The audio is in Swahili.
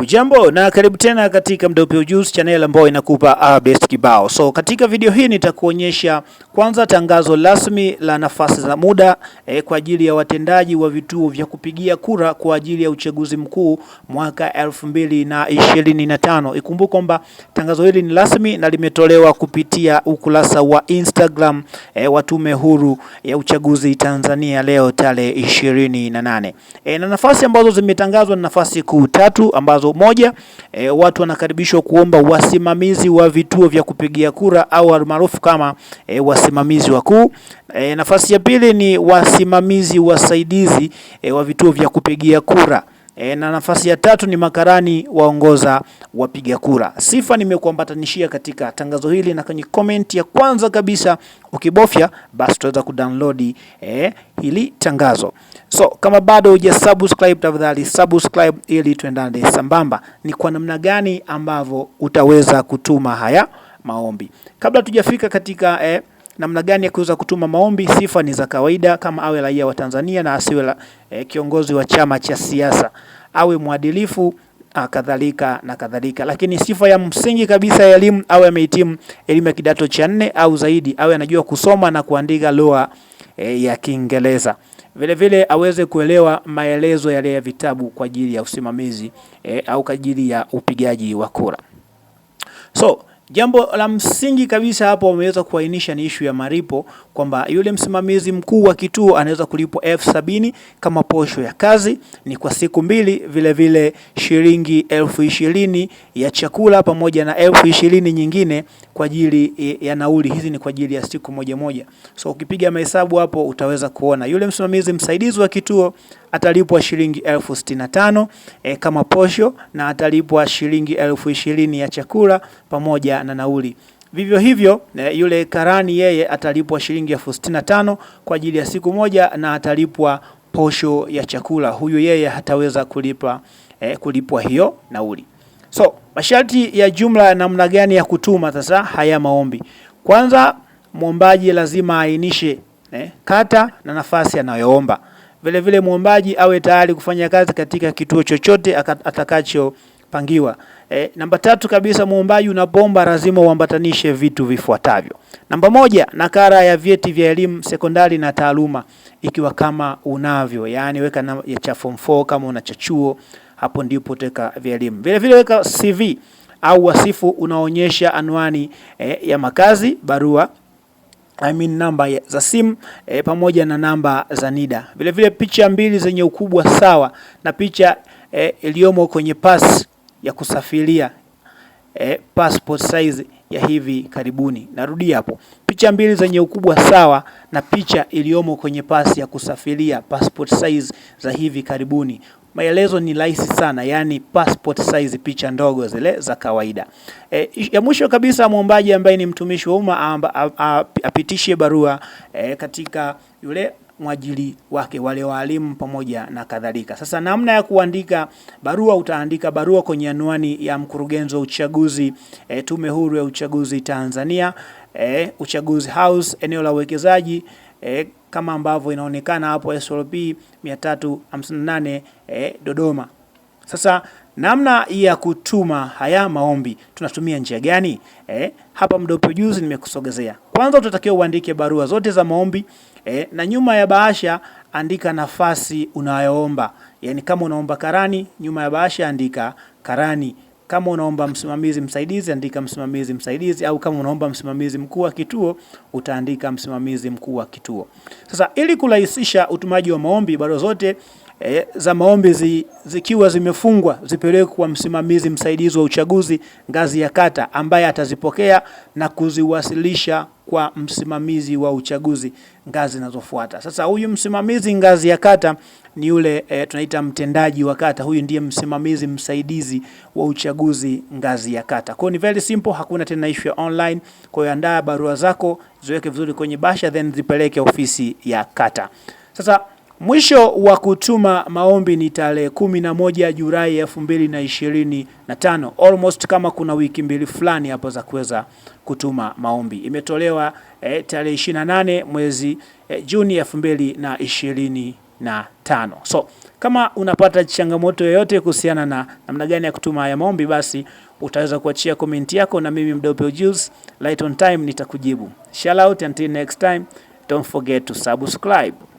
Hujambo na karibu tena katika Mdope Ujuzi channel ambayo inakupa updates ah, kibao. So katika video hii nitakuonyesha kwanza tangazo rasmi la nafasi za muda eh, kwa ajili ya watendaji wa vituo vya kupigia kura kwa ajili ya uchaguzi mkuu mwaka 2025. Ikumbuke kwamba tangazo hili ni rasmi na limetolewa kupitia ukurasa wa Instagram eh, wa Tume Huru ya Uchaguzi Tanzania leo tarehe 28. Na, eh, na nafasi ambazo zimetangazwa ni nafasi kuu tatu ambazo moja. e, watu wanakaribishwa kuomba wasimamizi wa vituo vya kupigia kura au almaarufu kama e, wasimamizi wakuu. E, nafasi ya pili ni wasimamizi wasaidizi e, wa vituo vya kupigia kura. E, na nafasi ya tatu ni makarani waongoza wapiga kura. Sifa nimekuambatanishia katika tangazo hili na kwenye comment ya kwanza kabisa ukibofya basi utaweza kudownload e, hili tangazo. So kama bado huja subscribe tafadhali subscribe ili tuendane sambamba ni kwa namna gani ambavyo utaweza kutuma haya maombi. Kabla tujafika katika e, namna gani ya kuweza kutuma maombi, sifa ni za kawaida kama awe raia wa Tanzania na asiwe la, e, kiongozi wa chama cha siasa awe mwadilifu ah, kadhalika na kadhalika, lakini sifa ya msingi kabisa ya elimu, awe amehitimu elimu ya kidato cha nne au zaidi, awe anajua kusoma na kuandika lugha e, ya Kiingereza vilevile aweze kuelewa maelezo yale ya vitabu kwa ajili ya usimamizi e, au kwa ajili ya upigaji wa kura. So Jambo la msingi kabisa hapo wameweza kuainisha ni ishu ya malipo, kwamba yule msimamizi mkuu wa kituo anaweza kulipwa elfu sabini kama posho ya kazi ni kwa siku mbili, vilevile vile shilingi elfu ishirini ya chakula pamoja na elfu ishirini nyingine kwa ajili ya nauli. Hizi ni kwa ajili ya siku moja moja, so ukipiga mahesabu hapo utaweza kuona yule msimamizi msaidizi wa kituo atalipwa shilingi elfu sitini na tano e, kama posho na atalipwa shilingi elfu ishirini ya chakula pamoja na nauli. Vivyo hivyo eh, yule karani yeye atalipwa shilingi elfu sitini na tano kwa ajili ya siku moja na atalipwa posho ya chakula. Huyu yeye hataweza kulipa e, kulipwa hiyo nauli. So masharti ya jumla ya namna gani ya kutuma sasa haya maombi? Kwanza mwombaji lazima aainishe eh, kata na nafasi anayoomba. Vilevile mwombaji awe tayari kufanya kazi katika kituo chochote atakachopangiwa. E, namba tatu kabisa, mwombaji unapoomba lazima uambatanishe vitu vifuatavyo. Namba moja, nakala ya vyeti vya elimu sekondari na taaluma ikiwa kama unavyo, yaani weka na, ya cha form 4 kama una cha chuo, hapo ndipo teka vya elimu. Vile vile weka CV au wasifu unaonyesha anwani e, ya makazi, barua I mean namba za simu e, pamoja na namba za NIDA. Vilevile picha mbili zenye ukubwa sawa na picha e, iliyomo kwenye pasi ya kusafiria e, passport size ya hivi karibuni. Narudia hapo, picha mbili zenye ukubwa sawa na picha iliyomo kwenye pasi ya kusafiria passport size za hivi karibuni maelezo ni rahisi sana, yani passport size picha ndogo zile za kawaida. E, ya mwisho kabisa mwombaji ambaye ni mtumishi wa umma apitishe barua e, katika yule mwajili wake wale waalimu pamoja na kadhalika. Sasa namna ya kuandika barua, utaandika barua kwenye anwani ya mkurugenzi wa uchaguzi e, Tume Huru ya Uchaguzi Tanzania e, Uchaguzi House, eneo la uwekezaji e, kama ambavyo inaonekana hapo SLP 358 e, Dodoma. Sasa namna ya kutuma haya maombi tunatumia njia gani? E, hapa mdope juzi nimekusogezea. Kwanza utatakiwa uandike barua zote za maombi e, na nyuma ya bahasha andika nafasi unayoomba. Yaani kama unaomba karani, nyuma ya bahasha andika karani. Kama unaomba msimamizi msaidizi, andika msimamizi msaidizi, au kama unaomba msimamizi mkuu wa kituo utaandika msimamizi mkuu wa kituo. Sasa ili kurahisisha utumaji wa maombi, barua zote e, za maombi zi, zikiwa zimefungwa zipelekwe kwa msimamizi msaidizi wa uchaguzi ngazi ya kata, ambaye atazipokea na kuziwasilisha kwa msimamizi wa uchaguzi ngazi zinazofuata. Sasa huyu msimamizi ngazi ya kata ni yule e, tunaita mtendaji wa kata. Huyu ndiye msimamizi msaidizi wa uchaguzi ngazi ya kata. Kwa hiyo ni very simple, hakuna tena issue ya online. Kwa hiyo andaa barua zako, ziweke vizuri kwenye basha then zipeleke ofisi ya kata. Sasa Mwisho wa kutuma maombi ni tarehe kumi na moja Julai elfu mbili na ishirini na tano. Almost kama kuna wiki mbili fulani hapo za kuweza kutuma maombi. Imetolewa eh, tarehe 28 mwezi eh, Juni elfu mbili na ishirini na tano. So kama unapata changamoto yoyote kuhusiana na namna gani ya kutuma haya maombi, basi utaweza kuachia komenti yako, na mimi Mdope Juice Light on time nitakujibu. Shout out until next time, don't forget to subscribe.